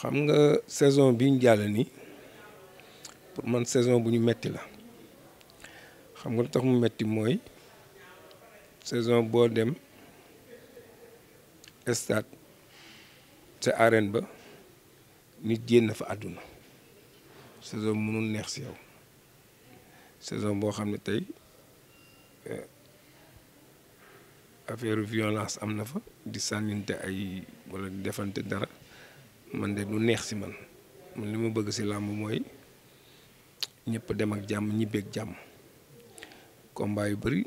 xam nga saison bi ñu jàll nii pour man saison bu ñu metti la xam nga lu tax mu metti mooy saison boo dem stade sa arène ba nit na fa àdduna saison bi mënul neex si yow saison boo xam ne tey euh, affaire violence am na fa di sànninte ay wala di defante dara man de du neex si man man li ma bëgg si làmb mooy ñëpp dem ak jàmm ñibbeek jàmm combat yu bëri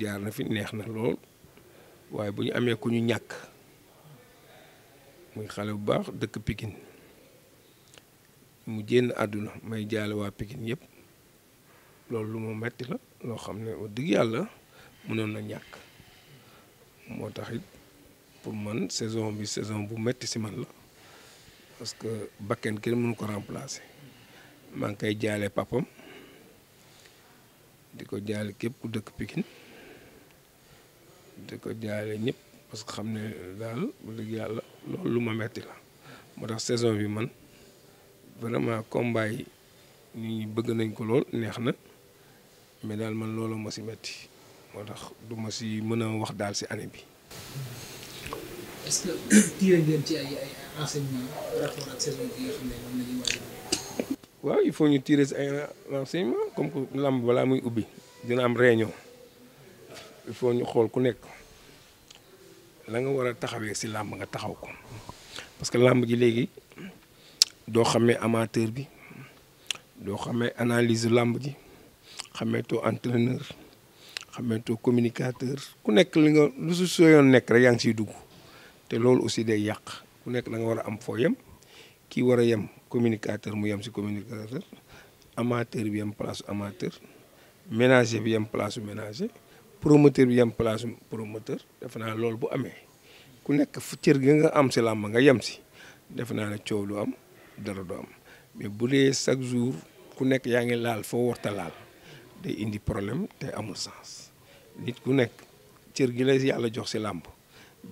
jaar na fi neex na lool waaye bu ñu amee ku ñu ñàkk muy xale bu baax dëkk pikin mu génn àdduna may jaale waa Pikine yëpp loolu lu ma metti la loo xam ne wax dëgg yàlla mënoon na ñàkk moo taxit pour man saison bi saison bu metti si man la parce que bakken kenn mënu ko remplacer maa ngi koy jaale papam di ko jaale képp ku dëkk pikin di ko jaale ñëpp parce que xam ne daal bu dëgg yàlla lu ma metti la moo tax saison bi man vraiment combat yi nit bëgg nañ ko lool neex na mais daal man loolu ma ci metti moo tax du ma ci mën a wax daal si année bi. enseignement par rapport ak saison bi nga xam ne moom la ñuy waaj waaw il faut ñu tirer si ay renseignement comme que làmb balaa muy ubbi dina am réunion il faut ñu xool ku nekk la nga war a taxawee si làmb nga taxaw ko parce que làmb ji léegi doo xamee amateur bi doo xamee analyse làmb ji xameetoo entraîneur xameetoo communicateur ku nekk li nga lu su soo yoon nekk rek yaa ngi siy dugg te loolu aussi day yàq. ku nekk da nga war a am foo yem kii war a yem communicateur mu yem si communicateur amateur bi yem place amateur ménager bi yem place ménager promoteur bi yem place promoteur defe naa loolu bu amee ku nekk fu cër gi nga am si làmb nga yem si defe naa ne coow lu am dara du am mais bu dee chaque jour ku nekk yaa ngi laal foo warta laal day indi problème te amul sens nit ku nekk cër gi la yàlla jox si làmb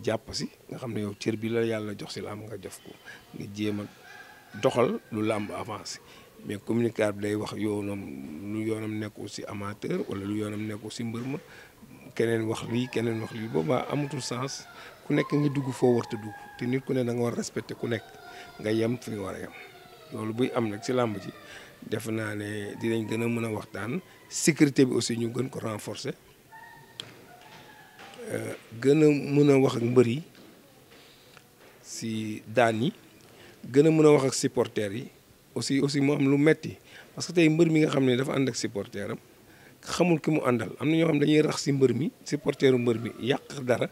jàpp si nga xam ne yow cër bi la yàlla jox si làmb nga def ko nga jéem a doxal lu làmb avance mais communicateur bi day wax yoonam lu yoonam nekkul si amateur wala lu yoonam nekkul si mbër ma keneen wax lii keneen wax lii boobaa amatul sens ku nekk nga dugg foo warta dugg te nit ku ne da nga war respecté ku nekk nga yem fi nga war a yem loolu buy am nag si làmb ji def naa ne dinañ gën a mën a waxtaan sécurité bi aussi ñu gën ko renforcer gën a mën a wax ak mbër yi si daan yi gën a mën a wax ak supporters yi aussi aussi mu am lu metti parce que tey mbër mi nga xam ne dafa ànd ak supporter am xamul ki mu àndal am na ñoo dañuy rax si mbër mi supporteru mbër mi yàq dara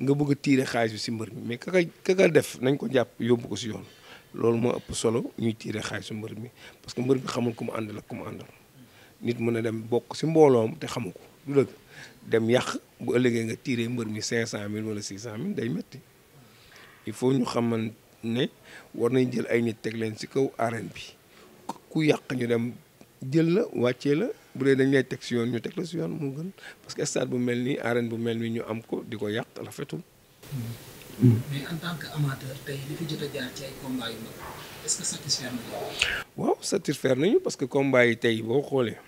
nga bëgg tiire xaalis bi si mbër mi mais ka ka ka nañ ko jàpp yóbbu ko yoon loolu moo ëpp solo ñuy tiire xaalisu mbër mi parce que mbër mi xamul mu àndal ak ku mu àndal nit mën a dem bokk si mbooloom te xamu ko du dëgg dem yàq. bu ëllëgee nga tiiree mbër mi cinq cent mille wala six cent mille day métti il faut ñu xaman ne war nañ jël ay nit teg leen ci kaw arène bi ku yàq ñu dem jël la wàccee la bu dee dañ lay teg si yoon ñu teg la si yoon moo gën parce que stade bu mel nii arène bu mel nii ñu am ko di ko yàq la mais waaw satisfaire nañu parce que combat yi tey boo xoolee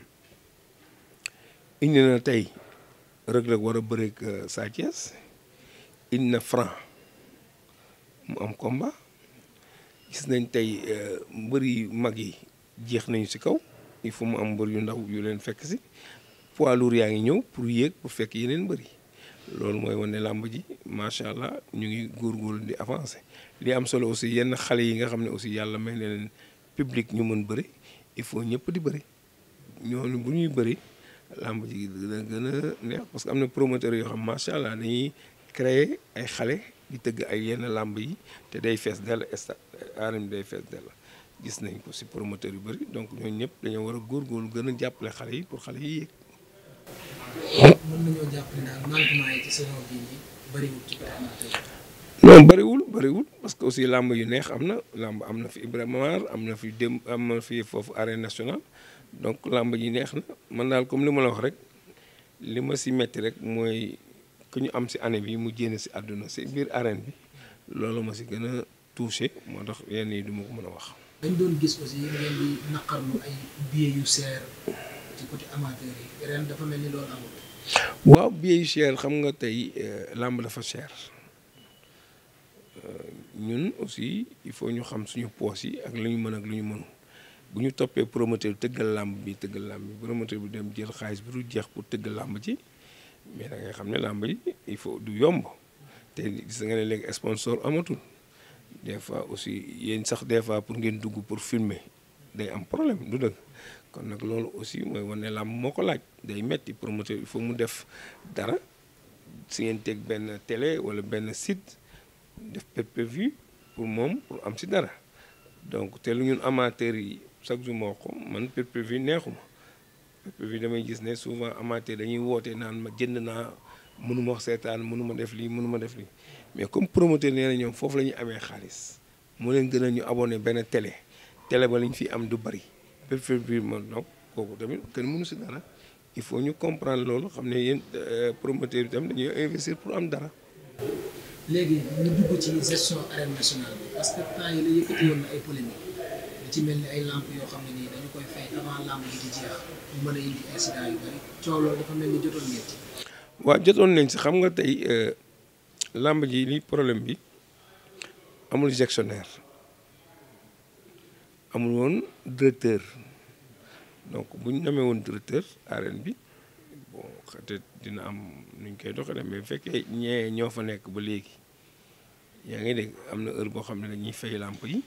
indi na tey. Reug Reug war a bëreeg euh, Sa indi na Franc mu am combat gis nañ tey euh, mbër yu mag yi jeex nañu si kaw il faut mu am mbër yu ndaw yu leen fekk si poids lourd yaa ngi ñëw pour yéeg bu fekk yeneen mbër yi loolu mooy wane làmb ji macha allah ñu ngi góor góorgóorlu di avancer li am solo aussi yenn xale yi nga xam ne aussi yàlla may na leen public ñu mën bëri il faut ñëpp di bëri ñooñu bu ñuy bëri. làmb ji dina gën a neex parce que am na promoteur yoo xam macha allah dañuy créer ay xale di tëgg ay yenn làmb yi te day fees dell stade arène day fees dell gis nañ ko ci promoteur yu bëri donc ñooñu ñëpp dañoo war a góor góorgóorlu gën a jàppale xale yi pour xale yi yéeg. mën nañoo jàppale daal bëriwul parce que aussi làmb yu neex am na làmb am na fi Ibrahima Mar am na fi dem am na fi foofu arène nationale donc làmb ji neex na man daal comme li ma la wax rek li ma si metti rek mooy ku ñu am si année bi mu jénn si àdduna si biir arène bi loolu ma si gën a touché moo tax yenn yi du ko mën a wax. dañ doon gis aussi ngeen di naqarlu ay waaw billets yu seer xam nga tey euh, làmb dafa seer euh, ñun aussi il faut ñu xam suñu poos yi ak lu ñu mën ak lu ñu mënu bu ñu toppee promoteur bi tëggal làmb bi tëggal làmb bi promoteur bu dem jël xaalis bi du jeex pour tëggal làmb ci mais da nga xam ne làmb yi il faut du yomb te gis nga ne léegi sponsor amatul des fois aussi yéen sax des fois pour ngeen dugg pour filmer day am problème du dëgg kon nag loolu aussi mooy ne làmb moo ko laaj day metti promoteur il faut mu def dara si ngeen teg benn télé wala benn site def PPV pour moom pour am si dara donc te lu ñun yi. chaque jour ma wax man pay-per-view neexuma pay-per-view damay gis ne souvent amateur dañuy woote naan ma jënd naa mënuma wax seetaan mënuma def lii mënuma def lii mais comme promoteur nee na ñoom foofu la ñuy amee xaalis mu leen gën a ñu abonné benn télé télé ba lañ fi am du bari pay-per-view ma donc kooku tamit kenn mënu si dara il faut ñu comprendre loolu xam ne yéen euh, promoteur bi tamit dañuy investir pour am dara. léegi ñu dugg ci gestion arène ci mel ni ay lamp yoo xam ne nii dañu koy fay avant lamp bi di jeex mu mën a indi accident yu jotoon nañ si xam nga tey euh, lamb ji li problème bi amul gestionnaire amul woon directeur donc bu ñu namee woon directeur arène bi bon dina am nuñ koy doxalee mais bu fekkee ñee ñoo fa nekk ba léegi yaa ngi dégg am na heure boo xam ne dañuy fay lamp yi.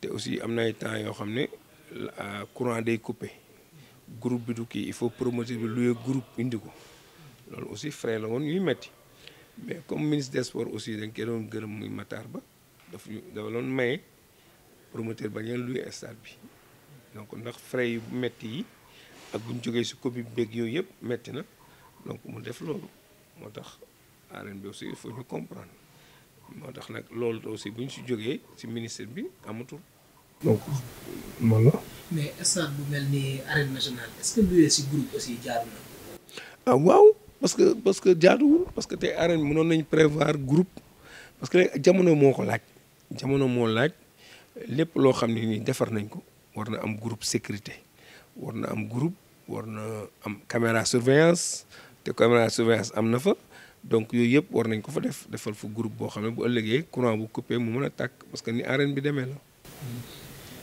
te aussi am na ay temps yoo xam ne euh, courant day coupé groupe bi du kii il faut promoteur bi louer groupe indi ko loolu aussi frais la woon yuy metti mais comme ministre des sports aussi dañ koy doon gërëm muy Matar Ba daf ñu dafa doon maye promoteur ba ngeen louer stade bi donc ndax frais yu metti yi ak bu ñu jógee si commune bi beeg yooyu yëpp metti na donc mu def loolu moo tax arène bi aussi il faut ñu comprendre. moo tax nag loolu aussi bu ñu si jógee ci ministère bi amatul. donc bu mel ni ah, waaw parce que parce que jaaduwul parce que tey arène mënoon nañ prévoir groupe parce que jamono moo ko laaj jamono moo laaj lépp loo xam ne nii defar nañ ko war na am groupe sécurité war na am groupe war na am caméra surveillance te caméra surveillance am na fa. donc yooyu yëpp war nañ ko fa def defal fa groupe boo xam ne bu ëllëgee courant bu coupé mu mën a tàkk parce que ni arène bi demee la